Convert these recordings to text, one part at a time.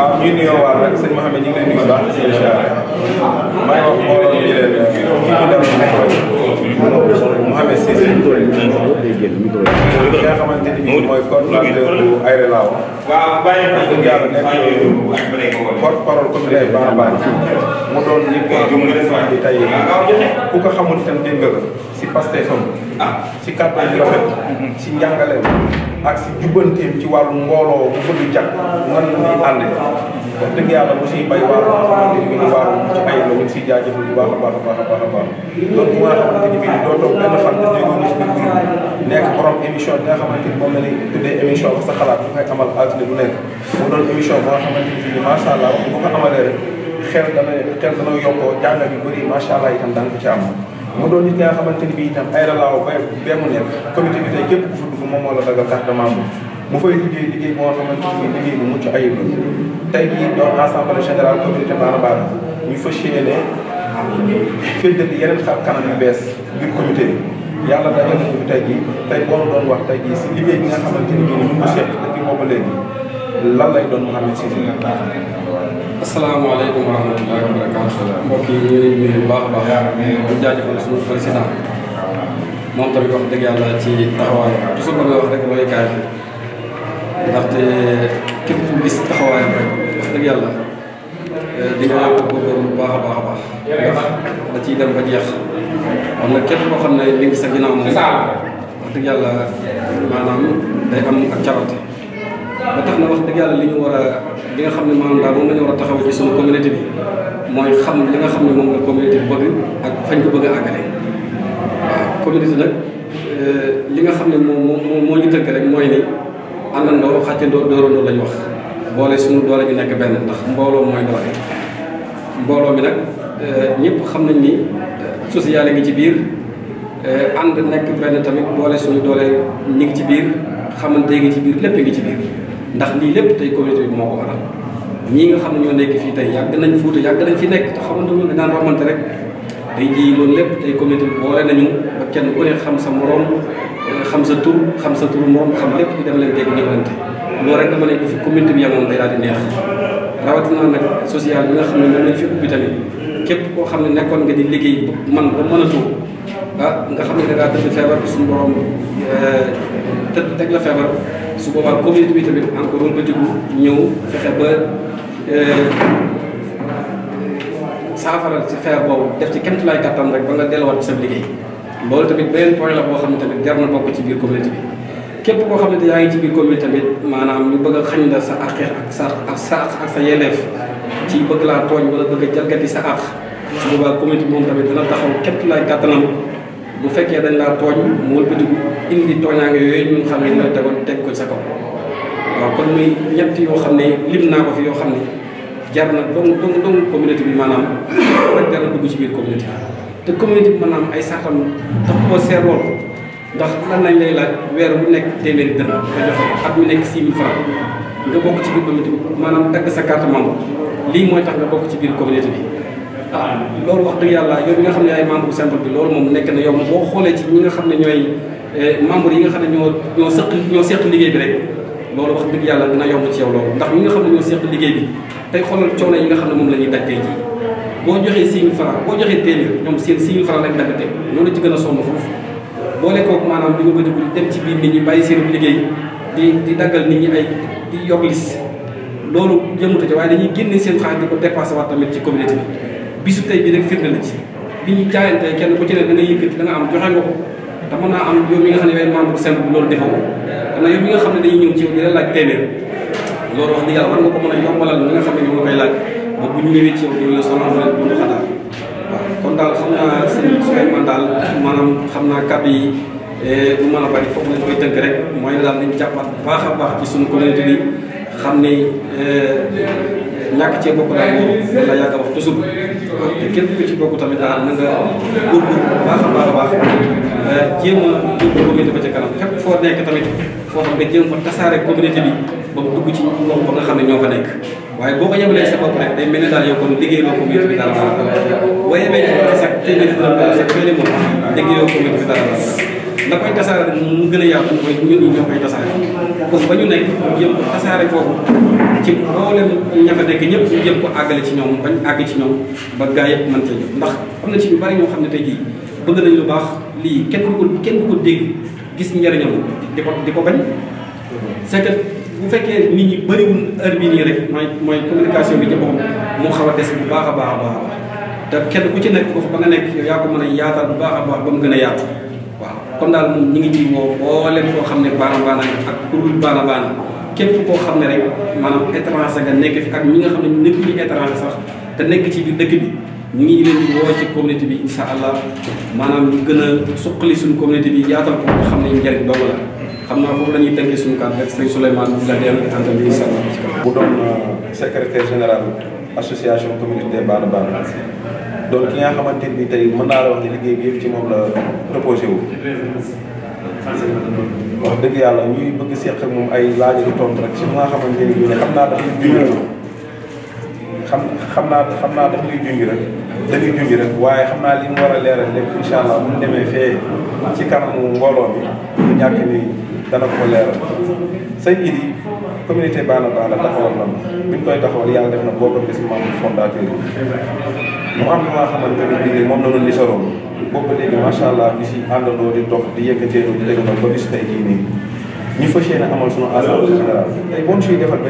waaw ñu nuyoo waat rek sëñ Mouhamed ñu ngi lay nuyu baax incha allah maa ngi wax mbooloo ñu leen kii bi Mouhamed Cissé nga xamante ni mooy coordinateur bu Aéré Lao waaw bàyyi ko ko jàll nekk porte parole comme lay baax a baax mu doon nit ko jumla bi tey ku ko xamul itam dégg nga si Pastefam ah. si kàttan bi rafet mm-hmm. si njàngaleem ak si jubbanteem ci wàllu mbooloo bu bëgg jàpp nan la ñuy àndee wax dëgg yàlla mu siy bay waar boo xamante ni bii waaru la ñu ngi siy a a a a baax loolu moo doon gis bi nga xamante ni moom la ñuy tuddee émission ba sa xalaat bu koy amal altine bu nekk mu doon émission boo xamante ni bii macha allah bu ko amalee rek xel mu doon nit nga xamante ni bii itam ay relaaw bay bee mu nekk comité bi tey képp ku dugg moom moo la dagal de membre mu fay liggéey liggéey boo xamante ni liggéey bu tey jii doon assemblée générale communauté Baana Baana ñu fas yéene firndeel yeneen xar kanam yu bees biir comité bi yàlla dajal nañu fi tey jii tey boo doon wax tey jii si liggéey bi nga xamante ni bii ñu ngi seet depuis boobu léegi lan lay doon Mouhamed Cissé. asalaamaaleykum wa rahmatullahi wa barakatuh mbokk moom tamit wax dëgg yàlla ci taxawaay toujours ba nga wax rek mooy kaay ndaxte képp ku gis taxawaayam wax dëgg yàlla euh, di nga bu baax a baax a dem ba jeex am na képp koo xam ne li ngi sa ginnaaw moom wax dëgg yàlla maanaam day am yàlla li ñu war a nga xam ne moom la ñu war a taxaw ci suñu communauté bi mooy xam li nga xam ne moom la communauté bi bëgg ak fañ ko bëgg a àggale waaw communauté nag euh, li nga xam ne moom moo moo ñu rek mooy ni àndandoo xàccandoo dóorandoo lañ wax boole suñu doole ñu nekk benn ndax mbooloo mooy doole mbooloo mi nag euh, ñëpp xam nañ ni euh, social ngi ci biir euh, ànd nekk benn tamit boole suñu doole ñi ngi ci biir xamante ngi ci biir lépp ngi ci biir ndax lii lépp tey communauté bi moo ko waral ñii nga xam ne ñoo nekk fii tey yàgg nañ fuuta yàgg nañ fi nekk te xamante ñu daan romante rek tey jii loolu lépp tey communauté bi boole nañu ba kenn ku ne xam sa moroom xam sa tur xam sa tur moom xam lépp di dem leen dégg ñëwante loolu rek dama ne bu fi communauté bi yamoon day daal di neex rawatina nag social bi nga xam ne moom képp koo xam ne nekkoon nga di liggéey man ba a tuur ah nga xam ne da ngaa tëdd feebar suñu borom eh, tëdd teg la feebar su boobaa communauté bi tamit encore woon ba dugg ñëw fexe ba eh, saafara ci feebar boobu def ci kéemtulaay kattan rek ba nga delluwaat ci sa liggéey. loolu tamit beneen point la boo xam ne tamit jar na bokk ci biir communauté bi képp koo xam ne yaa ngi ci biir communauté tamit maanaam ñu bëgg a xañ la sa àq ak sa ak sa ak sa yelleef ci bëgg laa tooñ wala bëgg a jalgati sa àq su boobaa communauté bi moom tamit dana taxaw képp laay kàttanam bu fekkee dañ laa tooñ mu wëlbatiku indi tooñaange yooyu xam ne ñooy tegoon teg ko sa kaw waaw kon muy ñett yoo xam ne lim naa ko fi yoo xam ne jar na dong dong bi maanaam rek dara dugg ci biir communauté bi te communauté bi mën am ay sàkkanu tax koo seer lool ndax lan lañ lay laaj weer bu nekk téeméeri dërëm nga joxe at mu nekk 6000 francs nga bokk ci biir communauté bi dagg sa carte membre lii tax nga bokk ci biir communauté bi ah loolu wax dëgg yàlla yow mi nga xam ne ay membre bu bi loolu moom nekk na yow boo xoolee ci ñi nga xam ne ñooy eh, membre yi nga xam ne ñoo ñoo sëq ñoo seq liggéey bi rek loolu wax dëgg yàlla dina yomb ci yow loolu ndax ñi nga xam ne ñoo seq liggéey bi tey xoolal coono yi nga xam ne moom la ñuy daj tey jii boo joxee 6000 francs boo joxee téeméer ñoom seen 6000 francs lañ dagg dem loolu ci gën a sonn foofu boole kooku maanaam di nga bëjëgul dem ci biir nit ñi bàyyi seen liggéey di di daggal nit ñi ay di yor lis loolu yëmuta ci waaye dañuy génne seen xaalis di ko dépassé waat tamit ci communauté bi bisu tey bi rek firnde ci bi ñu jaayantee kenn ku ci ne da nga yëkkati da am joxe nga ko te mën naa am yow mi nga xam ne yooyu membre loolu defoo dana yow mi nga xam ne dañuy ñëw ci di la laaj téeméer loolu wax dëgg yàlla war nga ko mën a yombalal ñi nga xam ne ñoom la koy laaj ba bu ñu ñëwee ci yow duñ la sonal rek kon daal xam naa sëñ daal maanaam xam naa kàddu yi bu eh, mën a bari foofu lañ koy tënk rek mooy daal nañ jàppaat bu baax a baax ci suñu communauté bi xam ni eh, ñàkk cee bokk daal moom la yàgg a wax toujours. te képp ku ci bokk tamit daal na nga góorgóorlu bu baax a baax a baax eh, jéem a yóbbu communauté ba ca kanam fépp foo nekk tamit foo xam nga jéem fa tasaare communauté bi ba mu dugg ci loolu ba nga xam ne ñoo ko nekk waaye boo ko yemalee sa bopp rek day mel ne daal yow kon liggéey loo communauté bi dara baax boo yemee sax tey nga fi doon baax ndax koy tasaare rek mu gën a yaatu mooy ñun ñi ñoo koy tasaare kon ba ñu nekk jëm ko tasaare foofu ci mboolem ña fa nekk ñëpp ñu jëm ko àggale ci ñoom bañ àgg ci ñoom ba gaa yëpp man cee jot ndax am na ci ñu bari ñoo xam ne tey jii bëgg nañ lu baax lii kenn du kenn du ko dégg gis njëriñam di di ko bañ c'est bu fekkee nit ñi bëriwul heure bi nii rek mooy mooy communication bi ci boppam moo xaw des bu baax a baax a baax te kenn ku ci nekk foofu ba nga nekk yow yaa ko mën a yaatal bu baax a baax ba mu gën a yaatu waaw kon daal moom ñu ngi ciy woo booleen koo xam ne baana baana ak kuréel baana baana képp koo xam ne rek maanaam étranger nga nekk fi ak ñi nga xam ne nekk ñu étranger sax te nekk ci biir dëkk bi ñu ngi leen di woo ci communauté bi insha allah maanaam ñu gën a suqali suñu communauté bi yaatal ko nga xam ne njëriñ dong la xam naa foofu la ñuy tënkee suñu kàddu rek sëñ Souleymane di la dellu àndal bi insha allah bu doon euh, secrétaire général association communauté Baana Baana donc ki nga xamante ni tey mën naa la wax ne liggéey bi yëpp ci moom la proposé wu. wax dëgg yàlla ñuy bëgg seq ak moom ay laaj yu tontu rek si nga xamante ni xam naa daf ñuy junj xam xam naa xam naa daf ñuy junj rek dañuy junj rek waaye xam naa li mu war a leeral lépp incha allah bu ñu demee fee ci kanamu mbooloo mi bu ñàkk ni dana ko leeral sëñ bi communauté Baana Baana taxawal na bi ñu koy taxawal yàlla def na boo de gis membre fondateur yi. mu am lu nga xamante ne bii moom la doon li soroon boobu léegi macha allah ñu si àndandoo di dox di yëkkateeloo di déglu ba bis tey jii nii. ñu fas yéene amal sunu assemblée générale tey boo bu gàtt durant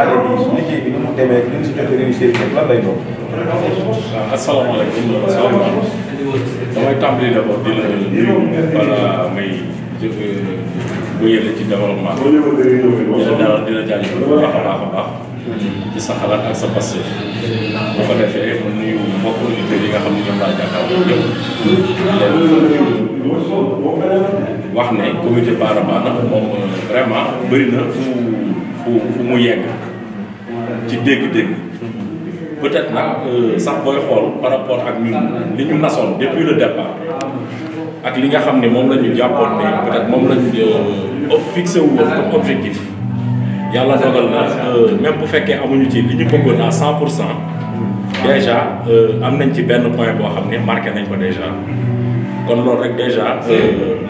année bi liggéey bi ni mu demee li ñu si jot a réussir rek lan lay di la bu yële ci développement dina daal dina jaajëf bu baax a baax a baax ci sa xalaat ak sa passé bu ko defee mu nuyu mbokk auditeurs yi nga xam ne ñoom laa jàkkaar yëpp leen wax ne comité Baarabana moom vraiment bëri na fu fu fu ñu le départ ak li nga xam ne moom la ñu jàppoon ne peut moom la ñu euh, fixé wu woon comme objectif yàlla dogal na euh, même bu fekkee amuñu ci li ñu bëggoon à 100 pour cent déjà euh, am nañ ci benn point boo xam ne marqué nañ ko déjà kon loolu rek déjà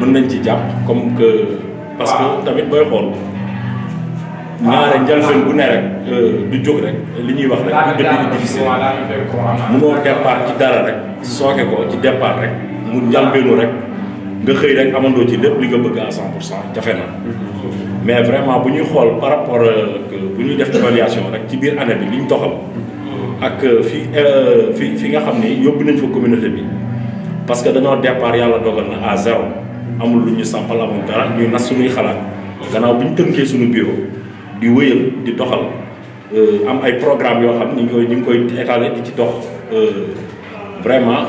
mën nañ ci jàpp comme que parce tamit booy xool ñaare njëlbeen bu ne rek du jóg rek li ñuy wax rek bu début bi difficile munoo départ ci dara rek sooke ko ci départ rek mu njëlbeenu rek nga xëy rek amandoo ci lépp li nga bëgg à 100 pour cent jafe na mais vraiment bu ñuy xool par rapport ak euh, bu ñuy def évaluation rek ci biir année bi li ñu ak euh, fi euh, fi fi nga xam ni yóbbu nañ fa communauté bi parce que dañoo départ yàlla dogal na à zéro amul lu ñu sampal amul dara ñuy nas suñuy xalaat gannaaw bi ñu tënkee suñu bureau di wëyal di doxal am ay programme yoo xam ni ñu koy ñu ngi koy étaler di ci dox vraiment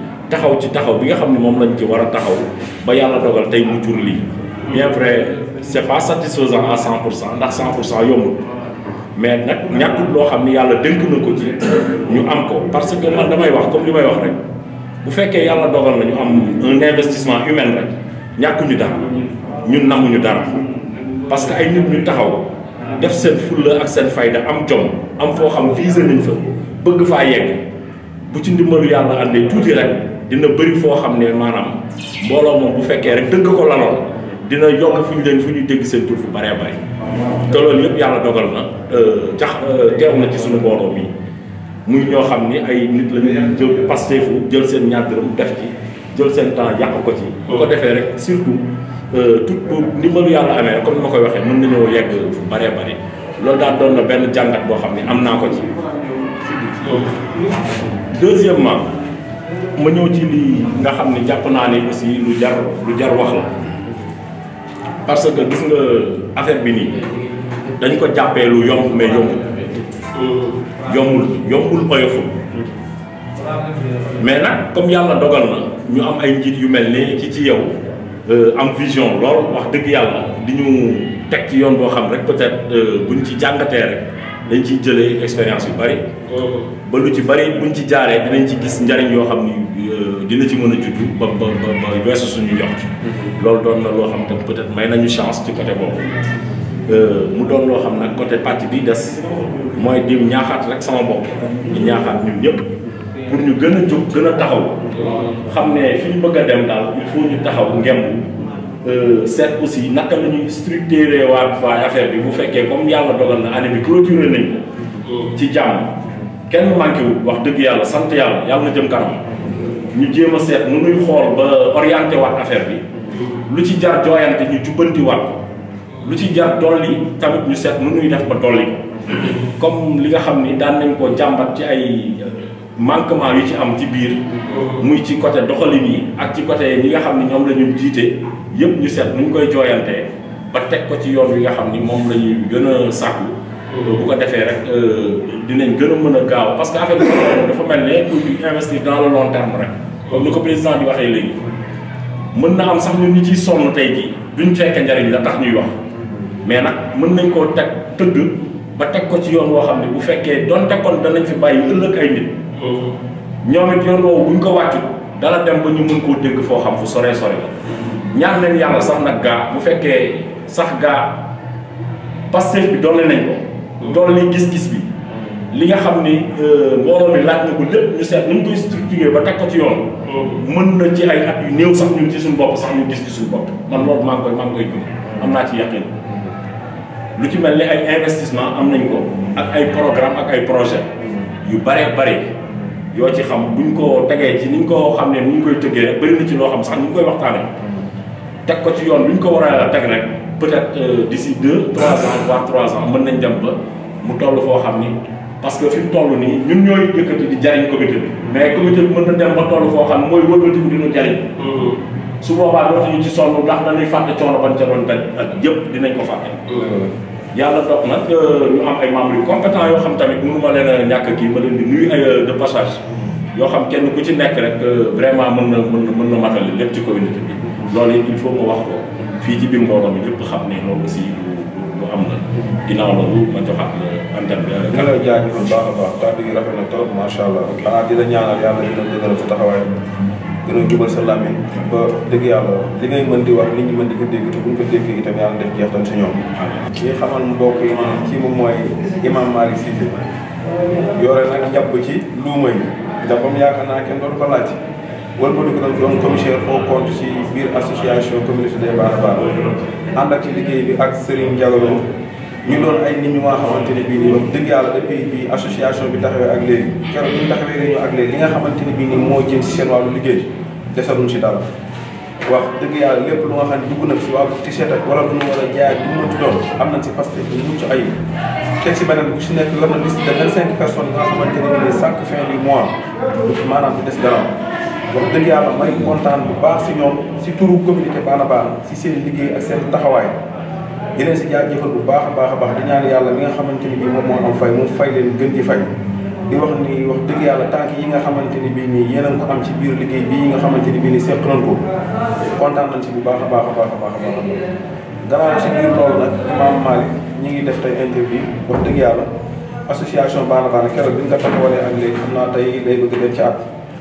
taxaw ci taxaw bi nga xam ne moom lañ ci war a taxaw ba yàlla dogal tey mu jur lii bien vrai c'est pas satisfaisant à 100 cent ndax 100 pour cent mais nag ñàkkul loo xam ne yàlla dënk na ko ci ñu am ko parce que damay wax comme li may wax rek bu fekkee yàlla dogal na ñu am un investissement humain rek ñàkkuñu dara ñun namuñu dara parce que ay nit ñu taxaw def seen fulla ak seen fayda am jom am foo xam visé nañ fa bëgg faa yegg bu ci ndimbalu yàlla àndee tuuti rek dina bëri foo xam ne maanaam mbooloo moom bu fekkee rek dëgg ko laloon dina yomb fu ñu leen fu ñuy dégg seen tur fu bëree bëri te loolu yëpp yàlla dogal na jax euh, euh, teew na ci suñu mbooloo mi muy ñoo xam ni ay nit la ñu jël pasteefu jël seen ñaar mu def ci jël seen temps yàq ko ci boo ko defee rek surtout euh, tout ndimbalu yàlla amee rek comme ni ma koy waxee mën nañoo yegg fu bëree bëri loolu daal doon na benn jàngat boo xam ne am naa ko ci deuxièmement ma ñëw ci lii nga xam ne jàpp naa ne aussi lu jar lu jar wax la parce que gis nga affaire bi nii dañ ko jàppee lu yomb mais yombul yombul yombul mais nag comme yàlla dogal na ñu am ay njiit yu mel ni ci ci yow euh, am vision lool wax dëgg yàlla di ñu teg ci yoon boo xam rek peut-être euh, buñ ci jàngatee rek dañ ci jëlé expérience yu bari oh. ba lu ci bari buñ ci jaaré dinañ ci gis ndariñ yo xamni euh, dina ci mëna juddu ba ba ba wessu suñu yox mm-hmm. loolu doon na lo xam tam peut être may nañu chance ci côté euh mu doon lo xam nak côté parti bi dess moy di ñaaxat rek sama bopp di ñaaxat ñun ñëpp pour ñu gëna a gëna taxaw mm-hmm. xamné fiñu bëgg dem dal il faut ñu taxaw ngemb Euh, seet aussi naka la ñuy structuré waat waa affaire bi bu fekkee comme yàlla dogal na année bi clôturé nañ ci jàmm kenn manqué wu wax dëgg yàlla sant yàlla yàlla na jëm kanam ñu jéem seet nu nuy xool ba orienté waat affaire bi lu ci jar jooyante ñu jubbanti waat ko lu ci jar dolli tamit ñu seet nu nuy def ba dolli comme li nga xam ni daan nañ ko jàmbat ci ay manquement yu ci am ci biir muy ci côté doxalin yi ak ci côté ñi nga xam ne ñoom la ñu jiite yëpp ñu seet nu koy jooyantee ba teg ko ci yoon wi nga xam ni moom la gën a sàkku bu ko defee rek euh, dinañ gën a mën a gaaw parce que affaire bi dafa mel ne pour investir dans le long terme rek comme ko président bi waxee léegi mën na am sax ñun ñi ciy tey jii duñ fekke njariñ la tax ñuy wax mais nag mën nañ koo teg tëdd ba teg ko ci yoon woo xam ne bu fekkee doon teg kon danañ fi bàyyi ëllëg ay nit ñoom it yoon woowu buñ ko wàccu dala dem ba ñu mën koo dégg foo xam fu sore sore la ñaan leen yàlla sax nag gaa bu fekkee sax gaa Pastef bi doole nañ ko doole nañ gis-gis bi li nga xam ni euh, mbooloo mi laaj na ko lépp ñu seet nañ koy structuré ba teg ko ci yoon mën na ci ay at yu néew sax ñun ci suñu bopp sax ñu gis ci suñu bopp man loolu maa ngi koy maa ngi koy gëm am naa ci yaqin lu ci mel ni ay investissement am nañ ko ak ay programme ak ay projet yu bare bare yow ci xam buñ ko tegee ci ñu ko xam ne nu ñu koy tëggee rek bëri na ci loo xam sax ni ñu koy waxtaanee hmm. teg ko ci yoon ñu ko war a teg rek peut-être euh, d'ici deux trois ans voire trois ans mën nañ dem ba mu toll foo xam ni parce que fi mu toll nii ñun ñooy yëkkati di jariñ comité bi hmm. mais comité bi mën na dem ba toll foo xam mooy wëlbatiku dina jariñ hmm. su boobaa dootuñu ci sonn ndax dañuy fàtte coono ban ca doon daj ak yëpp dinañ ko fàtte yàlla dox nag euh, ñu am ay membres yu compétents yoo xam tamit mënu ma leen a ñàkk kii ma leen di nuyu ay euh, de passage yoo xam kenn ku ci nekk rek euh, vraiment mën na mën na mën na lépp ci communauté bi loolu it il faut ma wax ko fii ci biir mbooloo mi lépp xam ne loolu aussi lu am na ginnaaw loolu ma joxaat la antenne bi. di la jaajëfal baax a baax kàddu gi rafet na trop macha allah xanaa di la ñaanal yàlla dina dëgëral sa taxawaay. gën a jubal sa làmmiñ ba dëgg yàlla li ngay mën di wax nit ñi mën di ko dégg te buñ ko déggee itam yàlla def jeex tam si ñoom ñi xamal mbokk yi maanaam ci moom mooy imam Malick Cissé yore nag njàpp ci luuma yi njàppam yaakaar naa kenn doon ko laaj wala ko dugg doon commissaire au compte si biir association communauté de Bara Bara ànd ak ci liggéey bi ak Serigne Diallo ñu doon ay nit ñu nga xamante ne bii nii wax dëgg yàlla depuis bi association bi taxawee ak léegi keroog bi ñu taxawee réunion ak léegi li nga xamante ne bii nii moo jëm si seen wàllu liggéey desaluñ si dara wax dëgg yàlla lépp lu nga xam ne dugg na si wàllu t-shirt ak wala lu mu war a jaay lu mu doon am nañ si Pastef bu mucc ayib teg si beneen bu si nekk la na liste de vingt cinq personnes nga xamante ne bii nii chaque fin du mois maanaam du des dara wax dëgg yàlla may kontaan bu baax si ñoom si turu communauté Baana Baana si seen liggéey ak seen taxawaay di leen si jaajëfal bu baax a baax a baax di ñaan yàlla mi nga xamante ni bii moom moo am fay mu fay leen gën di fay di wax ni wax dëgg yàlla tànk yi nga xamante ni bii nii yéen a ko am biir bii yi nga xamante ni bii nii seq nañ ko kontaan nañ si bu baax a baax a baax a baax a baax gannaaw si biir loolu nag Imam Malick ñu ngi def te interview wax dëgg yàlla association Baana Baana keroog bi nga taxawalee ak léegi xam naa tey day bëgg dem ci at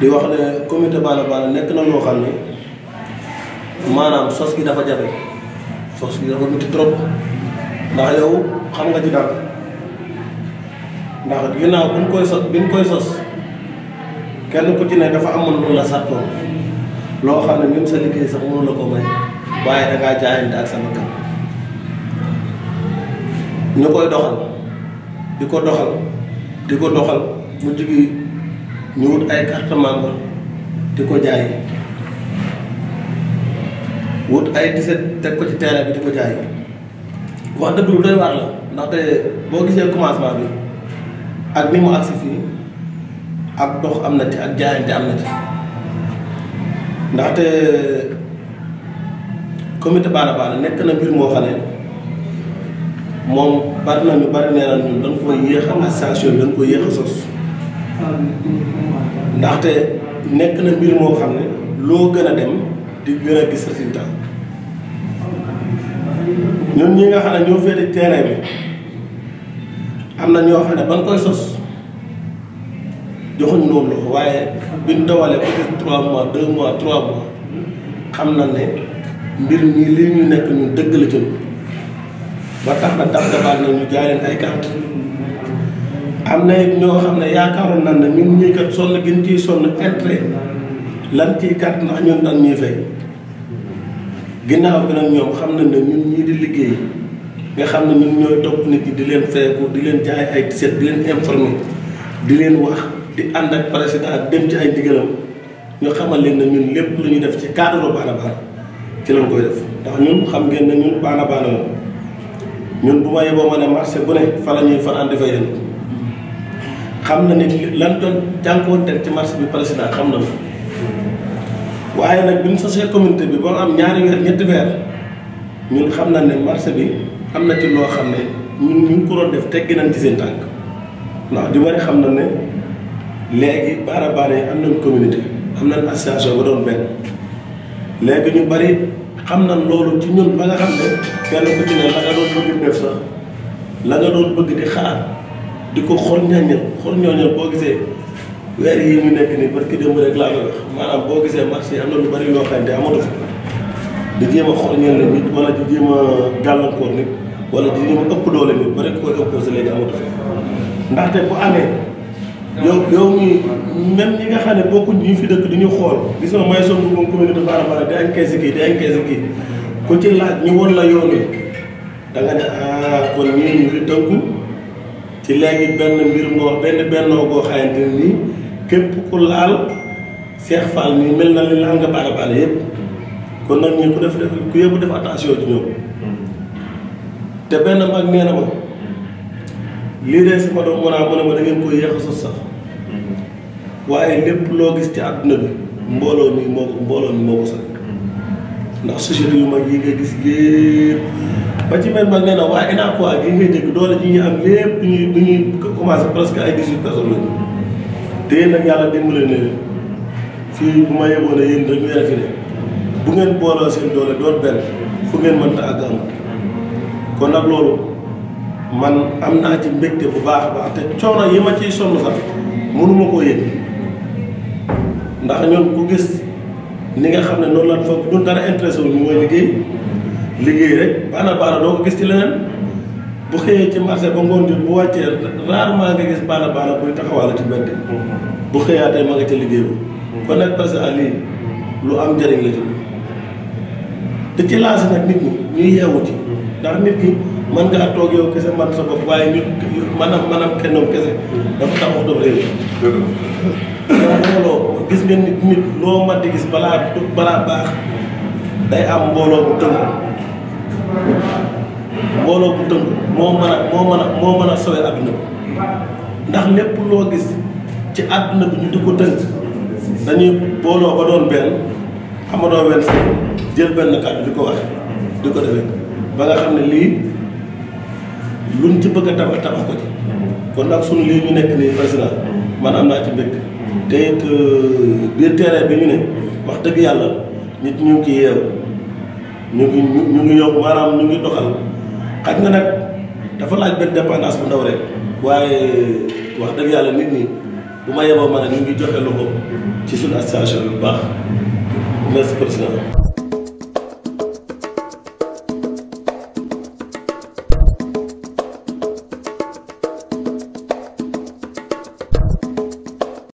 di wax ne comité Balla Balla nekk na loo xam ne maanaam sos gi dafa jafe sos gi dafa métti trop ndax yow xam nga ci dara ndax ginnaaw bu ñu koy sos bi sos kenn ku dafa amoon lu la sàttoon loo xam ne même sa liggéey sax mënu la ko may waaye da ngaa jaayante ak sama kan ñu koy doxal di ko doxal di ko doxal mu jigi ñu wut ay carte membre di ko jaay wut ay tiset teg ko ci terrain bi di ko jaay wax dëgg lu doy waar la ndaxte boo gisee commencement bi ak ni mu agsi fii ak dox am na ci ak jaayante am na ci ndaxte comité Baana Baana nekk na mbir moo xam moom bari na ñu bari nee na ñun dañ ko yéex a association bi dañ ko yéex a sos ndaxte nekk na mbir moo xam ne loo gën a dem di gën a gis résultat ñun ñi nga xam ne ñoo féete terrain bi am na ñoo xam ne ban koy sos joxuñ loolu waaye bi ñu dawalee peut-être trois mois deux mois trois mois xam na ne mbir mii lii ñu nekk ñu dëgg la jëm ba tax na dab dabaal na ñu jaay ay carte am na it ñoo xam ne yaakaaroon nan ne ñun ñii kat sonn gën ciy sonn intérêt lan ciy kat ndax ñun dañ ñuy fay ginnaaw bi nag ñoom xam nañ ne ñun ñii di liggéey nga xam ne ñun ñooy topp nit ñi di leen feeku di leen jaay ay tiset di leen informer di leen wax di ànd ak président dem ci ay digalam ñu xamal leen na ñun lépp lu ñu def ci cadre baana baana ci lañ koy def ndax ñun xam ngeen na ñun baana baana la ñun bu ma yeboo ma ne marché bu ne fa la ñuy fanaan di xam na ne lan doon jànkuwanteel ci marché bi président xam na ko waaye nag bi mu sosee communauté bi ba mu am ñaari weer ñetti weer ñun xam na ne marché bi am na ci loo xam ne ñun ñu ngi ko doon def teggi nañ seen tànk ndax di bari xam na ne léegi baara baara yi am nañ communauté am nañ association ba doon benn léegi ñu bari xam na loolu ci ñun ba nga xam ne kenn ku ci ne la nga doon bëgg def sax la nga doon bëgg di xaar. di ko xool ñaññal xol ñooñal boo gisee weer yi ñu nekk nii parce que démb rek laa wax maanaam boo gisee marché yi am na lu bari yoo xam ne amatu fi di jéem a xol ñaññal nit wala wala di jéem ëpp doole nit ba rek koy opposé léegi amatu fi ndaxte bu amee yow yow mii même ñi nga xam ne bokkuñ ñu fi dëkk di ñu xool gis nga may somb moom commune de Bara di añ kees kii di añ kees kii ku ci laaj ñu woon la yoon wi da ne ah kon ñii ñu ngi tënku ci léegi benn mbir moo benn bennoo boo xayante ni képp ku laal Cheikh Fall nii mel na li laal nga baara baara yëpp kon nag ñu ku def def ku yëpp def attention ci ñoom te benn mag nee na ma lii de sama doom mën a mën a ma da koy yéex a sax waaye lépp loo gis ci àdduna bi mbooloo mi moo ko mbooloo mi moo ko sax ndax société yu mag yi nga gis yëpp ba ci benn mag nee na waaye ENACOIS gi ngay dégg doole ji ñuy am lépp ñuy bu ñuy commencé presque ay dix huit personnes lañu. te nag yàlla dimbale ne fii bu ma yeboon a yéen rek ñu yàlla fi ne bu ngeen booloo seen doole doon benn fu ngeen mënta àgg am kon nag loolu man am naa ci mbégte bu baax a baax te coono yi ma ciy sonn sax mënuma koo yëg ndax ñoom ku gis ni nga xam ne noonu la fa du dara intéressé wu mooy liggéey. liggéey rek baana baana doo ko gis ci leneen bu xëyee ci marché ba ngoon jot bu wàccee rarement nga gis baana baana buy taxawaale ci mbedd bu xëyaatee ma nga ca liggéey bu lu am te ci lancé nag nit ñi ñuy yeewu ci ndax nit ki mën ngaa toog yow kese man sa bopp waaye nit maanaam maanaam kennoom kese dafa tax wax dëgg réew looloo nga nit nit loo mën gis balaa balaa baax day am mbooloo bu tënku mbooloo bu tënku moo mën a moo mën a moo mën a sowe adduna bi ndax lépp loo gis ci àdduna bi ñu di ko tënk dañuy booloo ba doon benn amadoo benn kàddu di ko wax ba nga xam ne lii luñ ci bëgg a tabax tabax ko ci kon ñu nekk nii président man am naa ci mbégte te it euh, biir terrain bi ñu ne wax dëgg yàlla nit ñu ngi ci yeew yokk maanaam ñu ngi doxal xaj na nag dafa laaj benn dépendance bu ndaw rek waaye wax dëgg yàlla nit ñi bu ma yeboo ma ne ñu ngi joxe loxo ci suñu association bu baax merci président